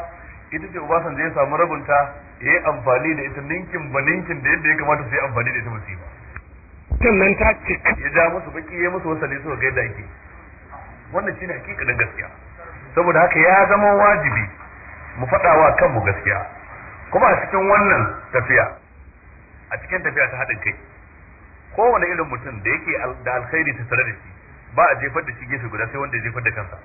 ita ce Obasanjo ya samu rabinta ya yi amfani da ita ninkin ba ninkin da yadda ya kamata su yi amfani da ita musu ba. Sannan ta ce. Ya ja musu baki ya musu wasanni suka ga yadda ake. Wannan shine hakikanin gaskiya. Saboda haka ya zama wajibi mu faɗa wa kanmu gaskiya. Kuma a cikin wannan tafiya a cikin tafiya ta haɗin kai kowane irin mutum da yake da alkhairi ta tare da shi ba a jefar da shi gefe guda sai wanda ya jefar da kansa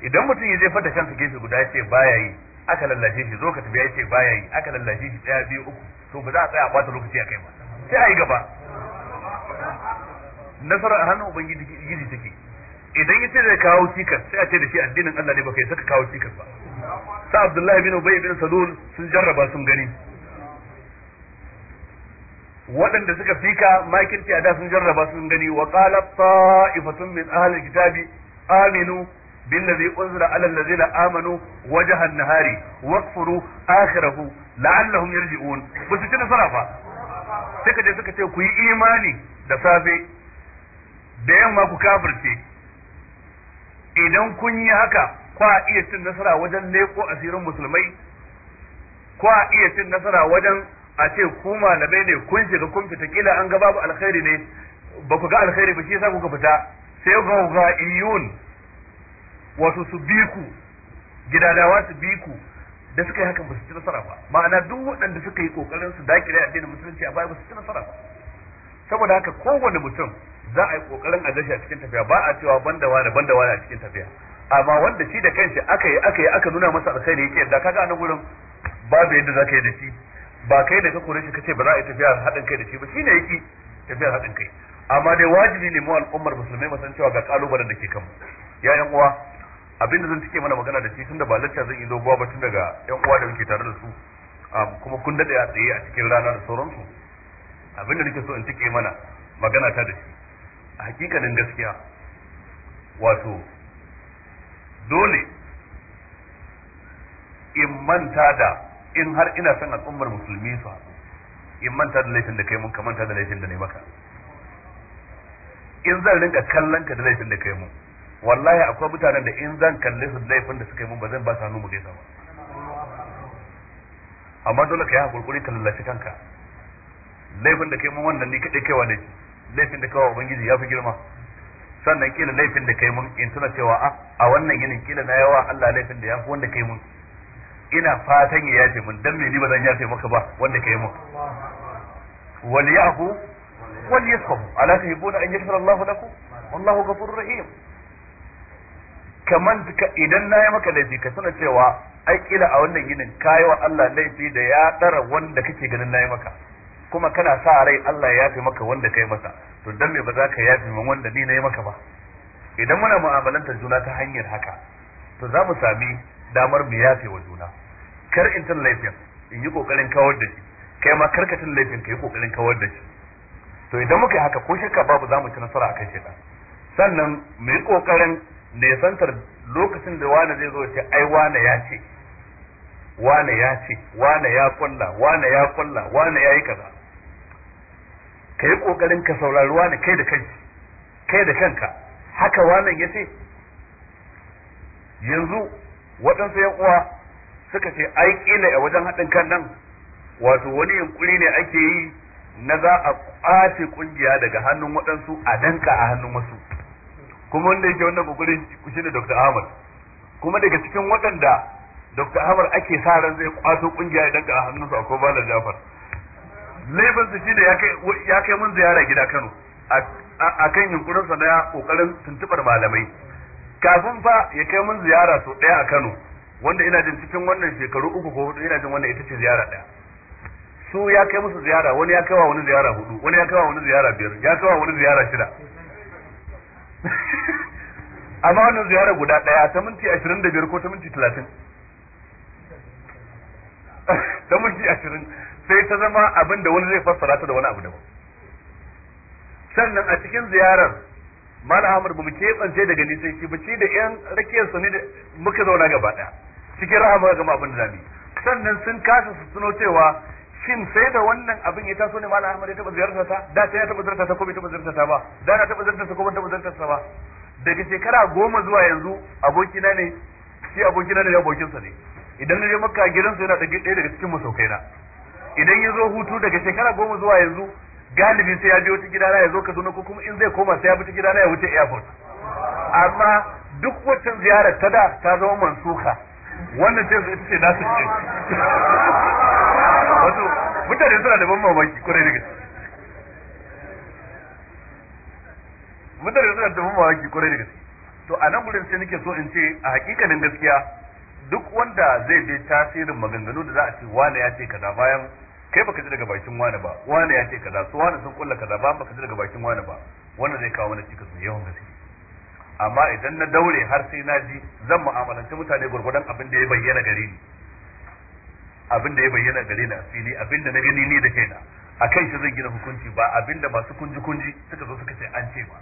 idan mutum ya jefar da kansa gefe guda ya ce baya yi aka lallashe shi zo ka tafiya ya ce baya yi aka lallashe shi ɗaya biyu uku to ba za a tsaya a bata lokaci a kai ba sai a yi gaba nasara a hannun ubangiji gizi take idan ya ce zai kawo cikas sai a ce da shi addinin Allah ne ba kai saka kawo cikas ba sa Abdullahi bin Ubay bin Salul sun jarraba sun gani waɗanda suka fika makirci a da sun jarraba sun gani wa qala ta'ifatun min ahli kitabi aminu billazi unzila ala allazina amanu wajha an-nahari waqfuru akhirahu la'allahum yarji'un ba su ci nasara je suka ce ku yi imani da safe da yamma ku kafirce idan kun yi haka a iya cin nasara wajen leko asirin musulmai a iya cin nasara wajen a ce ku malamai ne kun shiga kun fita kila an ga babu alkhairi ne ba ku ga alkhairi ba shi yasa kuka fita sai ga ga iyun wato su biku gidadawa su biku da suka yi hakan ba su ci nasara ba ma'ana duk waɗanda suka yi kokarin su dakire addinin musulunci a baya ba su ci nasara ba saboda haka kowane mutum za a yi kokarin a gashi a cikin tafiya ba a cewa banda wani banda wani a cikin tafiya amma wanda shi da kanshi aka yi aka yi aka nuna masa alkhairi yake da kaga a nan gurin babu yadda zaka yi da shi ba kai da ka kore shi kace ba za a yi tafiyar haɗin kai da shi ba shine yake tafiyar haɗin kai amma dai wajibi ne mu al'ummar musulmai mu san cewa ga kalubalen da ke kan mu ya yan uwa abinda zan cike mana magana da shi tunda ba lacca zan yi doguwa ba tun daga yan uwa da muke tare da su kuma kun daɗe a tsaye a cikin rana da sauransu abinda nake so in cike mana magana ta da shi a hakikanin gaskiya wato dole in manta da in har ina son al'ummar musulmi su haɗu in manta da laifin da kai mun ka manta da laifin da ne maka in zan rinka kallon ka da laifin da kai mun wallahi akwai mutanen da in zan kalle su laifin da suka yi mun ba zan ba su hannu mu gaisa ba amma dole ka yi hakurkuri ka lallashi kanka laifin da kai mun wannan ni kaɗai kaiwa ne laifin da wa ubangiji ya fi girma sannan kila laifin da kai mun in tuna cewa ah, a wannan yinin kila na yawa Allah laifin da ya fi wanda kai mun ina fatan ya yafe mun dan me ni ba zan yafe maka ba wanda kai mu wal yahu wal yasfahu ala tuhibuna an yaghfira Allahu lakum wallahu ghafurur rahim kaman idan na yi maka laifi ka sanar cewa ai kila a wannan ginin kayi wa Allah laifi da ya dara wanda kake ganin na yi maka kuma kana sa rai Allah ya yafe maka wanda kai masa to dan me ba za ka yafe min wanda ni na yi maka ba idan muna mu'amalantar juna ta hanyar haka to za mu sami damar mu yafe wa juna kar in tun laifin in yi kokarin kawar da shi kai ma kar ka tun laifin ka yi kokarin kawar da shi to idan muka yi haka ko shakka babu za mu ci nasara a kan shaitan sannan mu yi kokarin nesantar lokacin da wani zai zo ce ai wane ya ce wane ya ce wane ya kulla wane ya kulla wane ya yi kaza ka yi kokarin ka saurari wane kai da kanki kai da kanka haka wannan ya ce yanzu waɗansu yan uwa suka ce ai ƙila a wajen haɗin kan nan wato wani yunkuri ne ake yi na za a ƙwace ƙungiya daga hannun waɗansu a danka a hannun wasu kuma wanda yake wannan kokarin shi ne Dr. Ahmad kuma daga cikin waɗanda Dr. Ahmad ake sa ran zai ƙwato ƙungiya ya danka a a akwai Bala Jafar laifin su shi ne ya kai mun ziyara gida Kano a kan yunkurinsa na ƙoƙarin tuntuɓar malamai kafin fa ya kai mun ziyara sau ɗaya a Kano wanda ina jin cikin wannan shekaru uku ko hudu ina jin wannan ita ce ziyara ɗaya su ya kai musu ziyara wani ya kawo wani ziyara hudu wani ya kawo wani ziyara biyar ya kawo wani ziyara shida amma wannan ziyara guda ɗaya ta minti ashirin da biyar ko ta minti talatin ta minti ashirin sai ta zama abin da wani zai fassara ta da wani abu daban sannan a cikin ziyarar mal ahmad ba mu keɓance daga ni sai shi ba shi da yan rakiyar ne da muka zauna gaba ɗaya cikin rahama ga gama abin da zabi sannan sun kasa su suno cewa shin sai da wannan abin ya taso ne mal ahmad ya taɓa ziyarta ta da ta ya taɓa ziyarta ta ko bai taɓa ziyarta ta ba da na taɓa ziyarta ta ko ban taɓa ziyarta ta ba daga shekara goma zuwa yanzu abokina ne shi abokina ne abokinsa ne idan na je makka gidansa yana ɗaya daga cikin masaukai na idan ya zo hutu daga shekara goma zuwa yanzu galibin sai ya biyo ta gidana ya zo Kaduna ko kuma in zai koma sai ya bi ta gidana ya wuce airport amma duk wacce ziyarar ta da ta zama mansuka wannan ce ita ce nasu ce wato mutane suna da ban mamaki kwarai da gaske mutane suna da ban mamaki kwarai da gaske to a nan gurin sai nake so in ce a hakikanin gaskiya duk wanda zai je tasirin maganganu da za a ce wane ya ce kaza bayan kai baka ji daga bakin wani ba wani ya ce kaza su wani sun kulla kaza ba baka ji daga bakin wani ba wannan zai kawo mana cikas mai yawan gaske amma idan na daure har sai na ji zan mu'amalanci mutane gurgurdan abin da ya bayyana gare ni abin da ya bayyana gare ni a fili abin da na gani ni da kaina a kan shi zan gina hukunci ba abin da masu kunji kunji suka zo suka ce an ce ba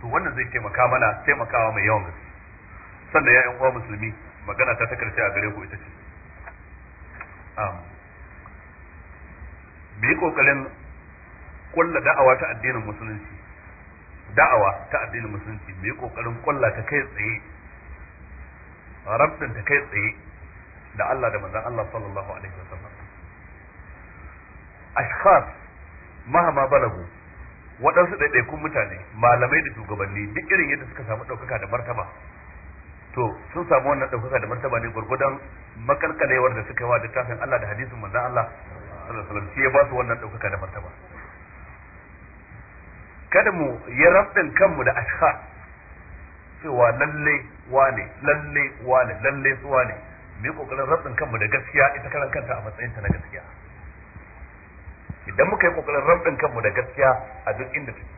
to wannan zai taimaka mana taimakawa mai yawan gaske sannan ya yan uwa musulmi magana ta ta karshe a gare ku ita ce mu kokarin kulla da'awa ta addinin musulunci da'awa ta addinin musulunci mu kokarin kulla ta kai tsaye rabbin ta kai tsaye da Allah da manzon Allah sallallahu alaihi wasallam ashkhas mahama balagu waɗansu ɗaiɗaikun mutane malamai da shugabanni duk irin yadda suka samu ɗaukaka da martaba to sun samu wannan ɗaukaka da martaba ne gwargwadon makalkalewar da suka yi wa littafin Allah da hadisin manzon Allah sallallahu alaihi wasallam shi ya ba su wannan daukaka da martaba kada mu yi rabbin kanmu da ashkhas cewa lalle wane lalle wane lalle su wane mu yi kokarin rabbin kanmu da gaskiya ita karan kanta a matsayin ta na gaskiya idan muka yi kokarin rabbin kanmu da gaskiya a duk inda take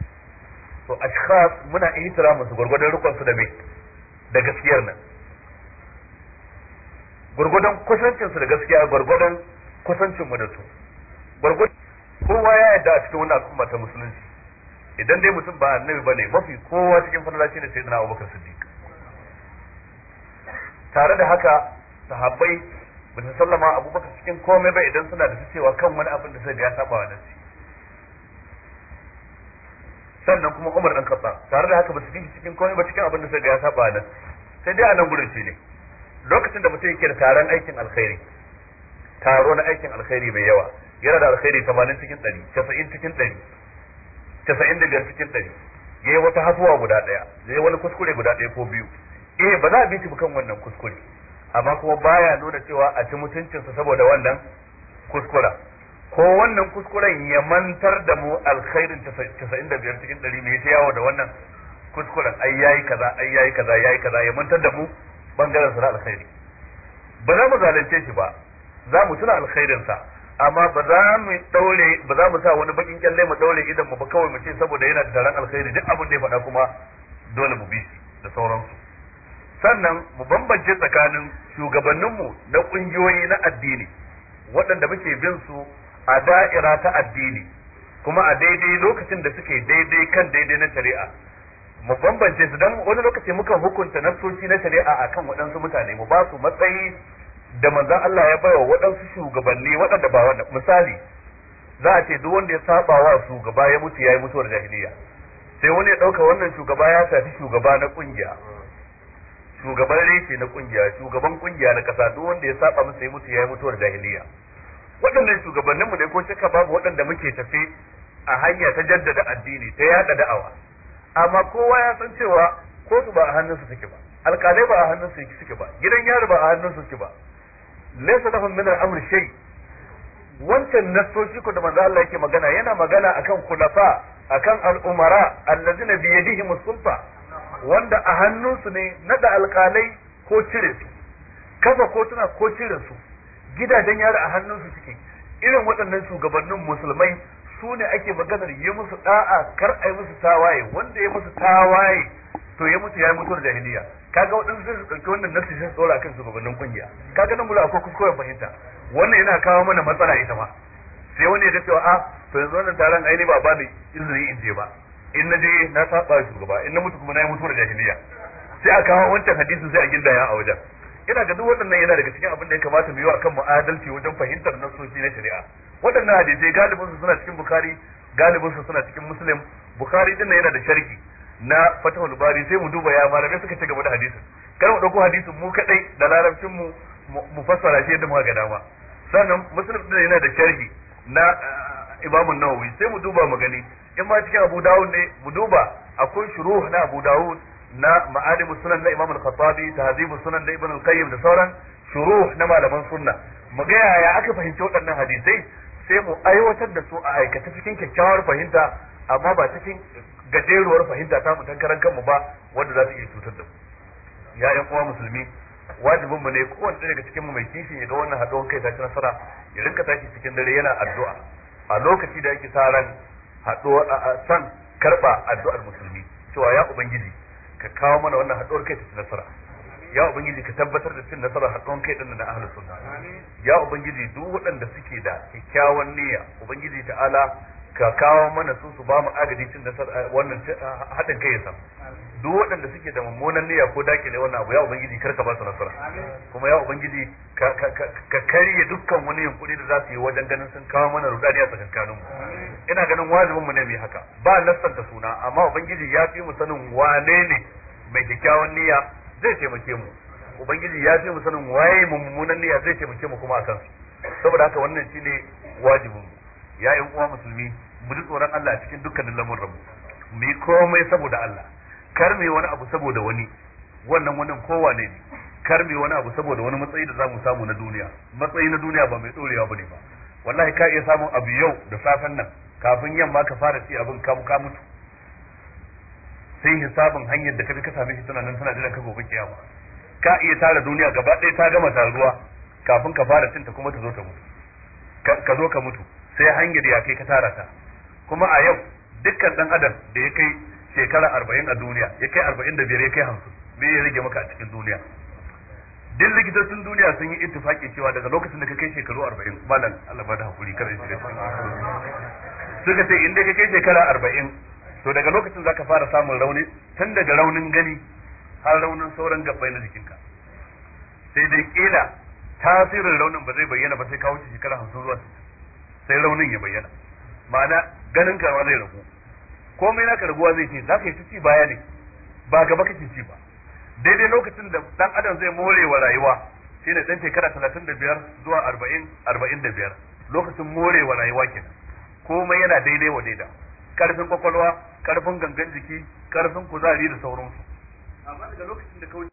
to ashkhas muna ihtiramu su gurgurdan rukun su da me da gaskiyar nan gurgudan kusancinsu da gaskiya gurgudan kusancinmu da su gurgur kowa ya yadda a cikin wannan al'umma ta musulunci idan dai mutum ba annabi bane mafi kowa cikin fadala shine dana Abubakar Siddiq tare da haka sahabbai ba su sallama Abubakar cikin komai ba idan suna da cewa kan wani abin da sai ya saba wa nasi sannan kuma Umar dan Khattab tare da haka ba su fi cikin komai ba cikin abin da sai ya saba wa nasi sai dai a nan gurin ne lokacin da mutum yake da taron aikin alkhairi taro na aikin alkhairi mai yawa yana da alkhairi 80 cikin 100 90 cikin 100 95 cikin 100 yayi wata hasuwa guda daya yayi wani kuskure guda daya ko biyu eh ba za a bi shi kan wannan kuskure amma kuma baya nuna cewa a ci mutuncinsa saboda wannan kuskura ko wannan kuskuren ya mantar da mu alkhairin 95 cikin 100 mai ta yawo da wannan kuskuren ai yayi kaza ai yayi kaza yayi kaza ya mantar da mu bangaren sa alkhairi ba za mu zalunce shi ba za mu tuna alkhairin sa amma ba za mu daure ba za mu sa wani bakin kyalle mu daure idan mu ba kawai mu ce saboda yana da taron alkhairi duk abin da ya faɗa kuma dole mu bi shi da sauransu sannan mu bambance tsakanin shugabanninmu na ƙungiyoyi na addini waɗanda muke bin su a da'ira ta addini kuma a daidai lokacin da suke daidai kan daidai na shari'a mu bambance su don wani lokaci mukan hukunta nassoci na shari'a akan waɗansu mutane mu ba su matsayi da manzan Allah ya baiwa waɗansu shugabanni waɗanda ba wanda misali za a ce duk wanda ya saba wa shugaba ya mutu yayi mutuwar jahiliya sai wani ya ɗauka wannan shugaba ya shafi shugaba na kungiya shugaban reshe na kungiya shugaban kungiya na kasa duk wanda ya saba masa ya mutu yayi mutuwar jahiliya waɗannan shugabannin mu ne ko shakka babu waɗanda muke tafe a hanya ta jaddada addini ta yada da'awa amma kowa ya san cewa kotu ba a hannunsu take ba alƙalai ba a hannunsu suke ba gidan yari ba a hannunsu suke ba laysa lahum min al-amr shay wancan nassoshi ko da manzo Allah yake magana yana magana akan kulafa akan al-umara alladhina bi yadihim sulta wanda a hannunsu ne nada alƙalai ko cire su kafa kotuna ko cire su gidajen yara a hannunsu suke irin waɗannan shugabannin musulmai su ne ake maganar yi musu da'a kar a yi musu tawaye wanda ya musu tawaye to ya mutu ya mutu da jahiliya kaga waɗansu sai su ɗauki wannan nasu sai tsora ɗora kan shugabannin kungiya kaga nan bula akwai kuskuren fahimta wannan yana kawo mana matsala ita ma sai wani ya ga cewa a ah, to yanzu wannan taron aini ba ba izini in je ba in na je na saba shugaba in na mutu kuma na yi mutuwar jahiliya sai a kawo wancan hadisin sai a gindaya a wajen ina ga duk waɗannan yana daga cikin abin da ya kamata mu yi wa kan mu'adalci wajen fahimtar nasoshi na shari'a waɗannan hadisai galibin su suna cikin bukari, galibin su suna cikin muslim bukari din yana da sharhi na fatahul bari sai mu duba ya malamai suka ci gaba da hadisin kar mu dauko hadisin mu kadai da larabcin mu mu fassara shi yadda muka ga dama sannan muslim din yana da sharhi na eh, imam nawawi sai mu duba mu gani in ma cikin abu dawud ne mu duba akwai shuruh na abu dawud na ma'alim sunan na imam al-khattabi tahzib sunan da ibn al-qayyim da sauran shuruh na malaman sunna mu ga yaya aka fahimci waɗannan hadisai sai mu aiwatar da su a aikata cikin kyakkyawar fahimta amma ba cikin gajeruwar fahimta ta mu tankaran kanmu ba wanda za su iya cutar da mu ya ƴan uwa musulmi wajibin mu ne kowanne daga cikin mu mai kishin ya ga wannan haɗuwar kai ta nasara ya rinka tashi cikin dare yana addu'a a lokaci da yake sa ran haɗuwar san karɓa addu'ar musulmi cewa ya ubangiji ka kawo mana wannan haɗuwar kai ta nasara ya ubangiji ka tabbatar da cin nasarar haɗuwar kai ɗin na ahalin sunna ya ubangiji duk waɗanda suke da kyakkyawan niyya ubangiji ta'ala ka kawo mana su su ba mu agaji cin nasar wannan haɗin kai yasa duk waɗanda suke da mummunan niyya ko ne wannan abu ya ubangiji kar ka ba su nasara kuma ya ubangiji ka karye dukkan wani yunkuri da za su yi wajen ganin sun kawo mana rudani a tsakankanin mu ina ganin wajibin mu ne mai haka ba da suna amma ubangiji ya fi mu sanin wane ne mai kyakkyawan niyya zai taimake mu ubangiji ya fi mu sanin waye mummunan niyya zai taimake mu kuma akan saboda haka wannan shine wajibin ya yi uwa musulmi mu ji tsoron Allah cikin dukkanin lamurran mu mu yi komai saboda Allah kar mu yi wani abu saboda wani wannan wani kowa ne kar mu yi wani abu saboda wani matsayi da zamu samu na duniya matsayi na duniya ba mai dorewa bane ba wallahi ka iya samun abu yau da safen nan kafin yamma ka fara ci abin ka ka mutu sai hisabin hanyar da kaje ka same shi tana nan tana jiran ka gobe kiyama ka iya tara duniya gaba ɗaya ta gama taruwa kafin ka fara cinta kuma ta zo ta mutu ka zo ka mutu sai hanyar ya kai ka tara ta kuma a yau dukkan dan adam da ya kai shekara arba'in a duniya ya kai arba'in da biyar ya kai hamsin me ya rage maka a cikin duniya duk likitocin duniya sun yi ittifaki cewa daga lokacin da ka kai shekaru arba'in malam Allah ba da hakuri kada shiga cikin suka ce inda ka kai shekara arba'in to daga lokacin zaka fara samun rauni tun daga raunin gani har raunin sauran gabbai na jikinka sai dai kila tasirin raunin ba zai bayyana ba sai ka wuce shekara hamsin zuwa sittin sai raunin ya bayyana ma'ana ganin kama zai ragu komai naka raguwa zai ce za ka yi ci baya ne ba gaba kake ci ba daidai lokacin da dan adam zai more wa rayuwa shine dan shekara 35 zuwa arba'in arba'in da 45 lokacin more wa rayuwa kenan komai yana daidai wa daida karfin kwakwalwa karfin gangan jiki karfin kuzari da sauransu amma daga lokacin da kawai